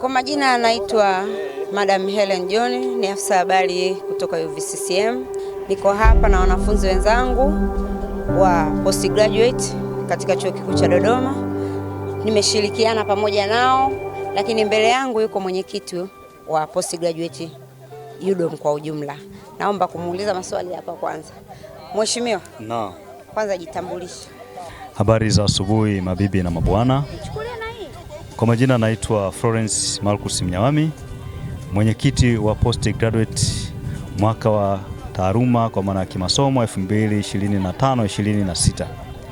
Kwa majina anaitwa Madam Helen John, ni afisa habari kutoka UVCCM. Niko hapa na wanafunzi wenzangu wa postgraduate katika Chuo Kikuu cha Dodoma. Nimeshirikiana pamoja nao, lakini mbele yangu yuko mwenyekiti wa postgraduate UDOM kwa ujumla. Naomba kumuuliza maswali hapa kwanza. Mheshimiwa. No. Kwanza jitambulishe. Habari za asubuhi mabibi na mabwana. Kwa majina naitwa Florence Marcus Mnyawami, mwenyekiti wa post graduate mwaka wa taaluma kwa maana ya kimasomo 2025 26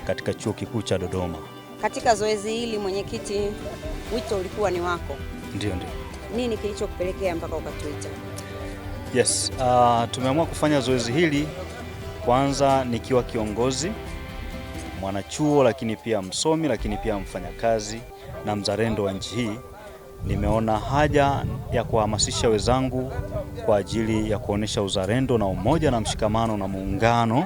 katika chuo kikuu cha Dodoma. Katika zoezi hili mwenyekiti, wito ulikuwa ni wako? Ndio, ndio. Nini kilichokupelekea mpaka ukatuita? Yes, uh, tumeamua kufanya zoezi hili kwanza nikiwa kiongozi mwanachuo, lakini pia msomi, lakini pia mfanyakazi na mzalendo wa nchi hii, nimeona haja ya kuwahamasisha wenzangu kwa ajili ya kuonesha uzalendo na umoja na mshikamano na muungano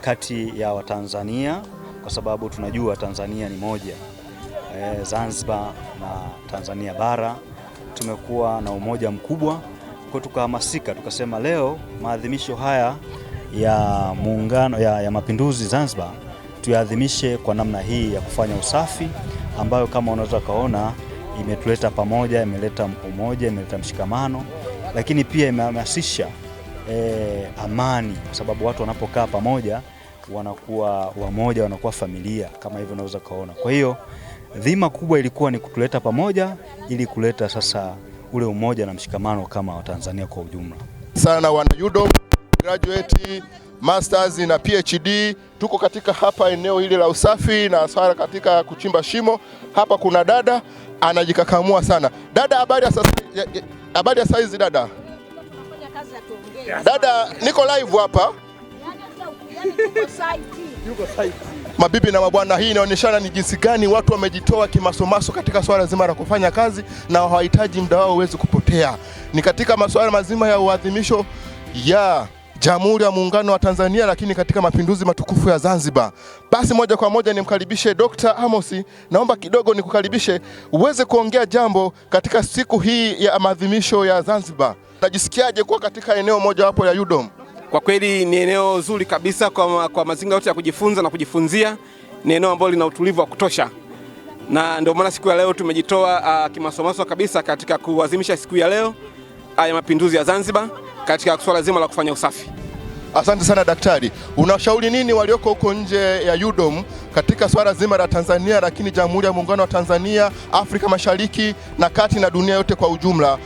kati ya Watanzania kwa sababu tunajua Tanzania ni moja. E, Zanzibar na Tanzania bara tumekuwa na umoja mkubwa kwa tukahamasika, tukasema leo maadhimisho haya ya muungano ya, ya mapinduzi Zanzibar tuyaadhimishe kwa namna hii ya kufanya usafi ambayo kama unaweza kaona imetuleta pamoja, imeleta umoja, imeleta mshikamano, lakini pia imehamasisha e, amani, kwa sababu watu wanapokaa pamoja wanakuwa wamoja, wanakuwa familia kama hivyo unaweza kaona. Kwa hiyo dhima kubwa ilikuwa ni kutuleta pamoja ili kuleta sasa ule umoja na mshikamano kama Watanzania kwa ujumla. Sana wana UDOM graduate, masters na PhD Tuko katika hapa eneo hili la usafi na swala katika kuchimba shimo. Hapa kuna dada anajikakamua sana. Dada, habari ya habari ya saizi dada? Dada, niko live hapa Mabibi na mabwana, hii inaonyeshana ni jinsi gani watu wamejitoa kimasomaso katika swala zima la kufanya kazi na hawahitaji muda wao uweze kupotea. Ni katika masuala mazima ya uadhimisho ya Jamhuri ya Muungano wa Tanzania, lakini katika mapinduzi matukufu ya Zanzibar. Basi moja kwa moja nimkaribishe Dr. Amosi, naomba kidogo nikukaribishe uweze kuongea jambo katika siku hii ya maadhimisho ya Zanzibar. Najisikiaje kuwa katika eneo mojawapo ya UDOM? Kwa kweli ni eneo zuri kabisa kwa, kwa mazingira yote ya kujifunza na kujifunzia. Ni eneo ambalo lina utulivu wa kutosha, na ndio maana siku ya leo tumejitoa ah, kimasomaso kabisa katika kuadhimisha siku ya leo ah, ya mapinduzi ya Zanzibar katika swala zima la kufanya usafi. Asante sana daktari, unashauri nini walioko huko nje ya UDOM katika swala zima la Tanzania, lakini Jamhuri ya Muungano wa Tanzania, Afrika Mashariki na Kati na dunia yote kwa ujumla,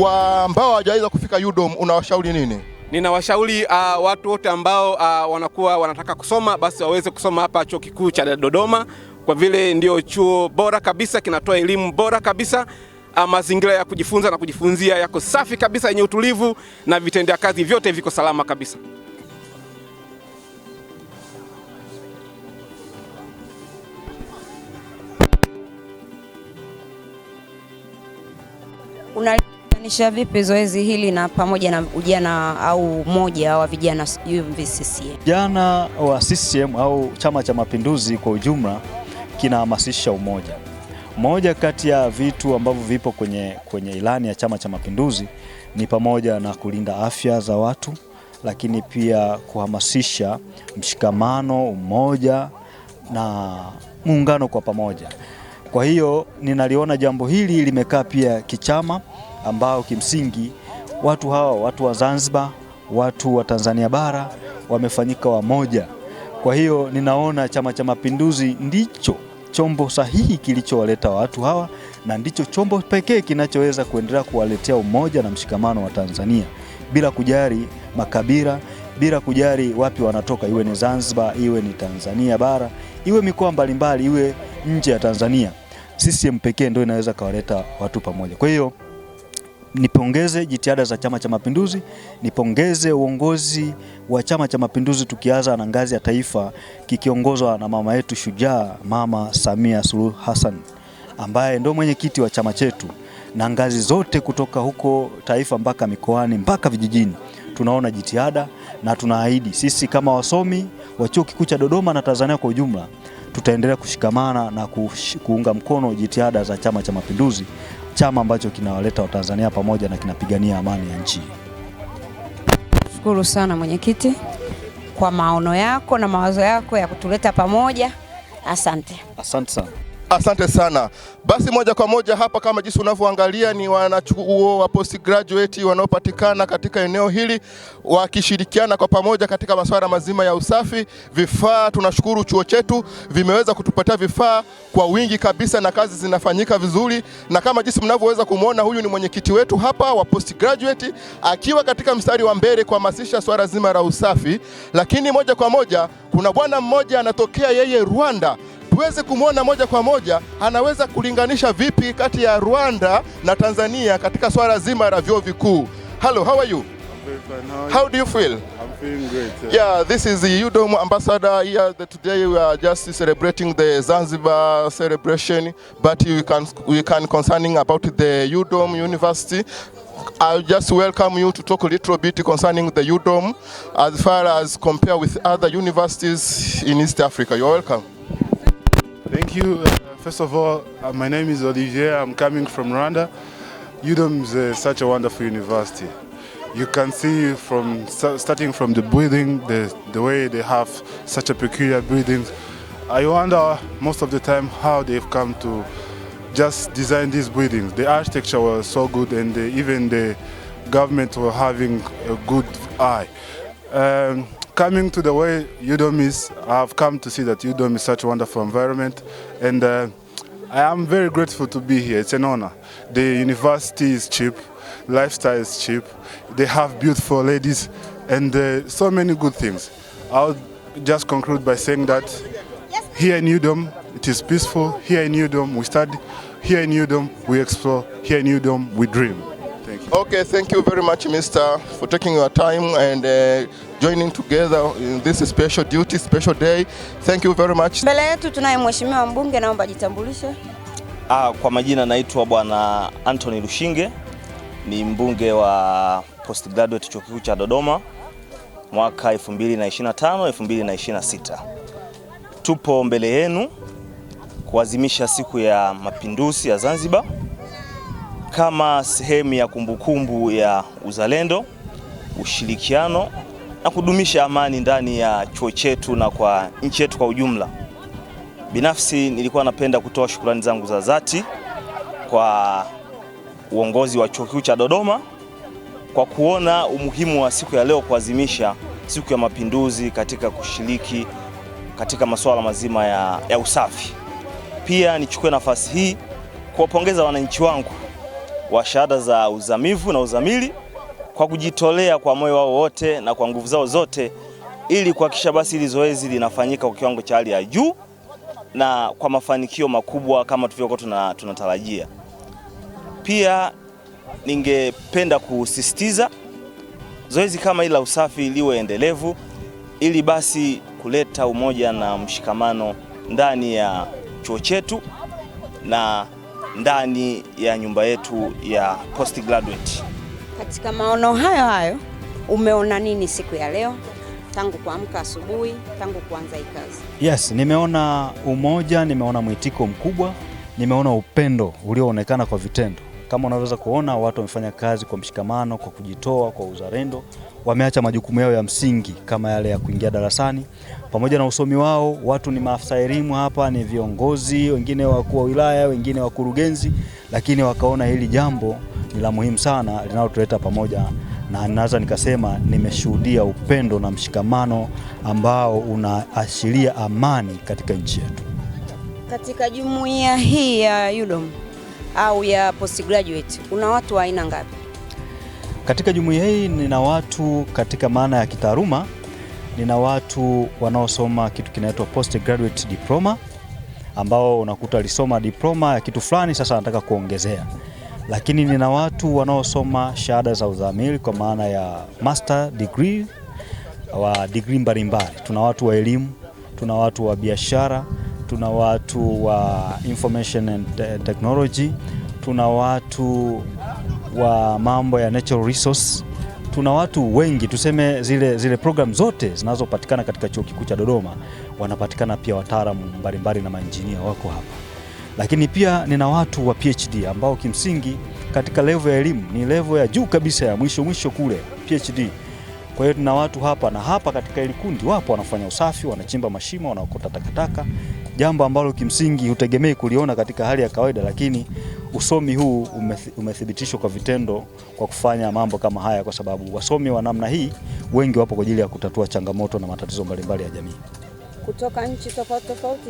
wa ambao hawajaweza kufika UDOM, unawashauri nini? Ninawashauri uh, watu wote ambao uh, wanakuwa wanataka kusoma basi waweze kusoma hapa Chuo Kikuu cha Dodoma, kwa vile ndio chuo bora kabisa, kinatoa elimu bora kabisa. Ah, mazingira ya kujifunza na kujifunzia yako safi kabisa, yenye utulivu na vitendea kazi vyote viko salama kabisa. Unalianisha vipi zoezi hili na pamoja na ujana au moja wa vijana CCM? Vijana wa CCM au Chama cha Mapinduzi kwa ujumla kinahamasisha umoja moja kati ya vitu ambavyo vipo kwenye, kwenye ilani ya Chama cha Mapinduzi ni pamoja na kulinda afya za watu, lakini pia kuhamasisha mshikamano, umoja na muungano kwa pamoja. Kwa hiyo ninaliona jambo hili limekaa pia kichama, ambao kimsingi watu hawa, watu wa Zanzibar, watu wa Tanzania bara wamefanyika wamoja. Kwa hiyo ninaona Chama cha Mapinduzi ndicho chombo sahihi kilichowaleta watu hawa na ndicho chombo pekee kinachoweza kuendelea kuwaletea umoja na mshikamano wa Tanzania bila kujali makabila, bila kujali wapi wanatoka, iwe ni Zanzibar, iwe ni Tanzania bara, iwe mikoa mbalimbali, iwe nje ya Tanzania. CCM pekee ndio inaweza kawaleta watu pamoja. Kwa hiyo nipongeze jitihada za Chama cha Mapinduzi, nipongeze uongozi wa Chama cha Mapinduzi, tukianza na ngazi ya taifa kikiongozwa na mama yetu shujaa, Mama Samia Suluhu Hassan ambaye ndo mwenyekiti wa chama chetu, na ngazi zote kutoka huko taifa mpaka mikoani mpaka vijijini tunaona jitihada na tunaahidi sisi kama wasomi wa Chuo Kikuu cha Dodoma na Tanzania kwa ujumla tutaendelea kushikamana na kuunga mkono jitihada za Chama cha Mapinduzi chama ambacho kinawaleta Watanzania pamoja na kinapigania amani ya nchi. Shukuru sana mwenyekiti kwa maono yako na mawazo yako ya kutuleta pamoja. Asante, asante sana. Asante sana. Basi moja kwa moja hapa, kama jinsi unavyoangalia, ni wanachuo wa postgraduate wanaopatikana katika eneo hili wakishirikiana kwa pamoja katika masuala mazima ya usafi vifaa. Tunashukuru chuo chetu vimeweza kutupatia vifaa kwa wingi kabisa, na kazi zinafanyika vizuri, na kama jinsi mnavyoweza kumwona, huyu ni mwenyekiti wetu hapa wa postgraduate akiwa katika mstari wa mbele kuhamasisha swala zima la usafi. Lakini moja kwa moja kuna bwana mmoja anatokea yeye Rwanda tuweze kumwona moja kwa moja, anaweza kulinganisha vipi kati ya Rwanda na Tanzania katika swala zima la vyuo vikuu? Hello, how are you? How do you feel? I'm feeling great. Yeah, yeah this is the UDOM ambassador here. that Today we are just celebrating the Zanzibar celebration, but we can we can concerning about the UDOM University. I'll just welcome you to talk a little bit concerning the UDOM as far as compare with other universities in East Africa. You're welcome. Thank you. Uh, first of all, uh, my name is Olivier. I'm coming from Rwanda. UDOM is uh, such a wonderful university. You can see from starting from the building, the, the way they have such a peculiar building. I wonder most of the time how they've come to just design these buildings. The architecture was so good and the, even the government were having a good eye. Um, coming to the way UDOM is, I've come to see that UDOM is such a wonderful environment and uh, I am very grateful to be here. It's an honor. The university is cheap, lifestyle is cheap, they have beautiful ladies and uh, so many good things. I'll just conclude by saying that here in UDOM, it is peaceful. Here in UDOM, we study. Here in UDOM, we explore. Here in UDOM, we dream. Thank you. Okay, thank you very much, Mister, for taking your time and uh, joining together in this special duty, special day. Thank you very much. Mbele yetu tunaye mheshimiwa mbunge, naomba jitambulishe. Ah, kwa majina naitwa bwana Anthony Lushinge ni mbunge wa graduate chuo kikuu cha Dodoma mwaka 2025 2026. Tupo mbele yenu kuadhimisha siku ya mapinduzi ya Zanzibar kama sehemu ya kumbukumbu ya uzalendo, ushirikiano na kudumisha amani ndani ya chuo chetu na kwa nchi yetu kwa ujumla. Binafsi nilikuwa napenda kutoa shukrani zangu za dhati kwa uongozi wa Chuo Kikuu cha Dodoma kwa kuona umuhimu wa siku ya leo kuadhimisha Siku ya Mapinduzi katika kushiriki katika masuala mazima ya, ya usafi. Pia nichukue nafasi hii kuwapongeza wananchi wangu wa shahada za uzamivu na uzamili kwa kujitolea kwa moyo wao wote na kwa nguvu zao zote, ili kuhakikisha basi hili zoezi linafanyika kwa kiwango cha hali ya juu na kwa mafanikio makubwa kama tulivyokuwa tuna, tunatarajia. Pia ningependa kusisitiza zoezi kama hili la usafi liwe endelevu ili basi kuleta umoja na mshikamano ndani ya chuo chetu na ndani ya nyumba yetu ya postgraduate. Katika maono hayo hayo umeona nini siku ya leo tangu kuamka asubuhi, tangu kuanza hii kazi? Yes, nimeona umoja, nimeona mwitiko mkubwa, nimeona upendo ulioonekana kwa vitendo. Kama unavyoweza kuona, watu wamefanya kazi kwa mshikamano, kwa kujitoa, kwa uzalendo. Wameacha majukumu yao ya msingi kama yale ya kuingia darasani pamoja na usomi wao. Watu ni maafisa elimu hapa, ni viongozi wengine, wakuu wa wilaya, wengine wakurugenzi, lakini wakaona hili jambo ni la muhimu sana linalotuleta pamoja na naweza nikasema nimeshuhudia upendo na mshikamano ambao unaashiria amani katika nchi yetu. Katika jumuiya hii ya UDOM au ya postgraduate, una watu wa aina ngapi katika jumuiya hii? Nina watu katika maana ya kitaaluma, nina watu wanaosoma kitu kinaitwa postgraduate diploma, ambao unakuta alisoma diploma ya kitu fulani, sasa anataka kuongezea lakini nina watu wanaosoma shahada za uzamili kwa maana ya master degree wa degree mbalimbali. Tuna watu wa elimu, tuna watu wa biashara, tuna watu wa information and technology, tuna watu wa mambo ya natural resource, tuna watu wengi tuseme, zile, zile program zote zinazopatikana katika Chuo Kikuu cha Dodoma wanapatikana pia wataalamu mbalimbali na mainjinia wako hapa, lakini pia nina watu wa PhD ambao kimsingi katika level ya elimu ni level ya juu kabisa ya mwisho mwisho kule PhD. Kwa hiyo tuna watu hapa na hapa katika ile kundi wapo wanafanya usafi, wanachimba mashimo, wanaokota takataka jambo ambalo kimsingi hutegemei kuliona katika hali ya kawaida, lakini usomi huu umethibitishwa kwa vitendo kwa kufanya mambo kama haya, kwa sababu wasomi wa namna hii wengi wapo kwa ajili ya kutatua changamoto na matatizo mbalimbali ya jamii kutoka nchi tofauti tofauti.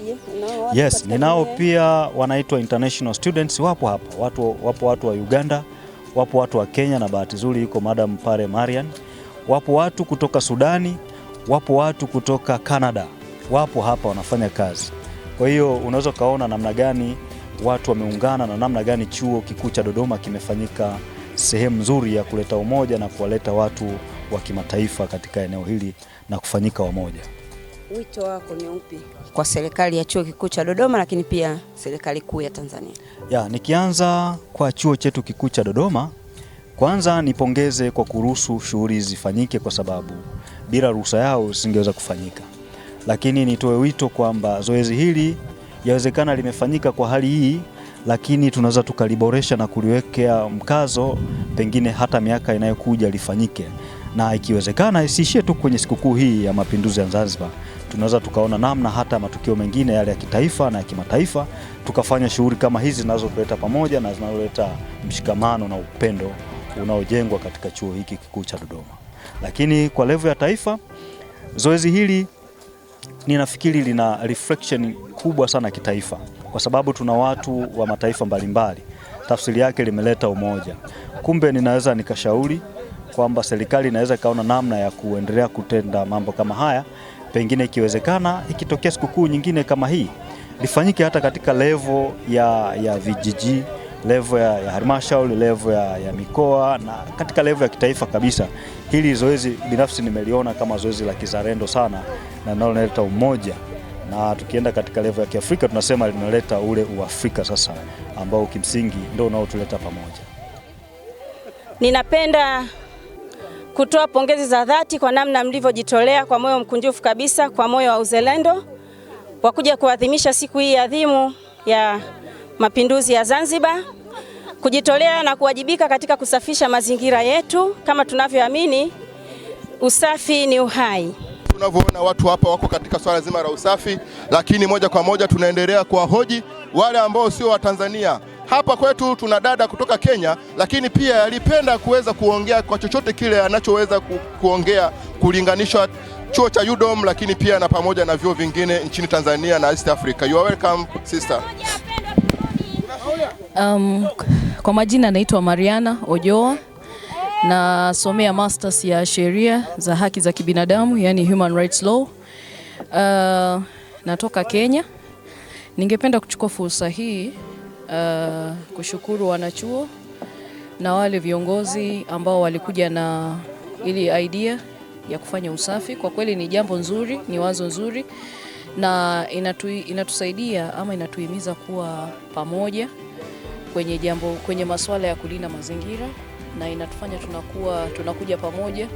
Yes, ninao pia wanaitwa international students, wapo hapa watu, wapo watu wa Uganda, wapo watu wa Kenya na bahati nzuri yuko Madam Pare Marian, wapo watu kutoka Sudani, wapo watu kutoka Canada, wapo hapa wanafanya kazi. Kwa hiyo unaweza ukaona namna gani watu wameungana na namna gani chuo kikuu cha Dodoma kimefanyika sehemu nzuri ya kuleta umoja na kuwaleta watu wa kimataifa katika eneo hili na kufanyika wamoja. Wito wako ni upi kwa serikali ya chuo kikuu cha Dodoma lakini pia serikali kuu ya Tanzania? Ya, nikianza kwa chuo chetu kikuu cha Dodoma, kwanza nipongeze kwa kuruhusu shughuli zifanyike kwa sababu bila ruhusa yao zisingeweza kufanyika lakini nitoe wito kwamba zoezi hili yawezekana limefanyika kwa hali hii, lakini tunaweza tukaliboresha na kuliwekea mkazo, pengine hata miaka inayokuja lifanyike, na ikiwezekana isiishie tu kwenye sikukuu hii ya Mapinduzi ya Zanzibar. Tunaweza tukaona namna hata matukio mengine yale ya kitaifa na ya kimataifa, tukafanya shughuli kama hizi zinazotuleta pamoja na zinazoleta mshikamano na upendo unaojengwa katika chuo hiki kikuu cha Dodoma. Lakini kwa levu ya taifa, zoezi hili ninafikiri lina reflection kubwa sana kitaifa, kwa sababu tuna watu wa mataifa mbalimbali. Tafsiri yake limeleta umoja. Kumbe ninaweza nikashauri kwamba serikali inaweza ikaona namna ya kuendelea kutenda mambo kama haya, pengine ikiwezekana, ikitokea sikukuu nyingine kama hii lifanyike hata katika levo ya, ya vijiji levo ya, ya halmashauri, levo ya, ya mikoa na katika levo ya kitaifa kabisa. Hili zoezi binafsi nimeliona kama zoezi la kizalendo sana na linaloleta umoja, na tukienda katika levo ya Kiafrika tunasema linaleta ule uafrika sasa, ambao kimsingi ndio unaotuleta pamoja. Ninapenda kutoa pongezi za dhati kwa namna mlivyojitolea kwa moyo mkunjufu kabisa, kwa moyo wa uzalendo wa kuja kuadhimisha siku hii adhimu ya mapinduzi ya Zanzibar, kujitolea na kuwajibika katika kusafisha mazingira yetu kama tunavyoamini usafi ni uhai. Tunavyoona watu hapa wako katika swala zima la usafi, lakini moja kwa moja tunaendelea kuwahoji wale ambao sio Watanzania. Hapa kwetu tuna dada kutoka Kenya, lakini pia alipenda kuweza kuongea kwa chochote kile anachoweza ku, kuongea kulinganishwa chuo cha UDOM, lakini pia na pamoja na vyuo vingine nchini Tanzania na East Africa. You are welcome sister. Um, kwa majina naitwa Mariana Ojoa nasomea masters ya sheria za haki za kibinadamu yani human rights law. Uh, natoka Kenya. Ningependa kuchukua fursa hii uh, kushukuru wanachuo na wale viongozi ambao walikuja na ili idea ya kufanya usafi. Kwa kweli ni jambo nzuri, ni wazo nzuri na inatu, inatusaidia ama inatuhimiza kuwa pamoja kwenye jambo, kwenye masuala ya kulinda mazingira na inatufanya tunakuwa tunakuja pamoja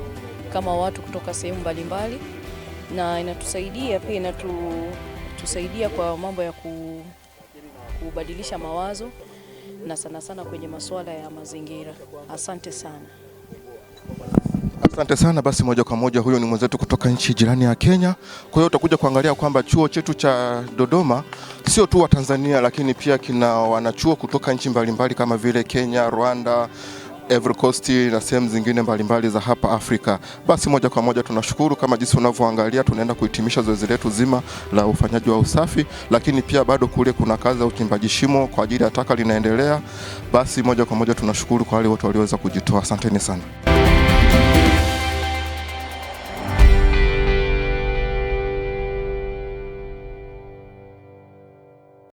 kama watu kutoka sehemu mbalimbali, na inatusaidia pia inatusaidia kwa mambo ya kubadilisha mawazo na sana sana kwenye masuala ya mazingira. Asante sana. Asante sana. Basi moja kwa moja, huyo ni mwenzetu kutoka nchi jirani ya Kenya. Kwa hiyo utakuja kuangalia kwamba chuo chetu cha Dodoma sio tu wa Tanzania, lakini pia kina wanachuo kutoka nchi mbalimbali kama vile Kenya, Rwanda, Ivory Coast na sehemu zingine mbalimbali za hapa Afrika. Basi moja kwa moja tunashukuru kama jinsi unavyoangalia tunaenda kuhitimisha zoezi letu zima la ufanyaji wa usafi, lakini pia bado kule kuna kazi ya uchimbaji shimo kwa ajili ya taka linaendelea. Basi moja kwa moja tunashukuru kwa wale wote walioweza kujitoa. Asanteni sana.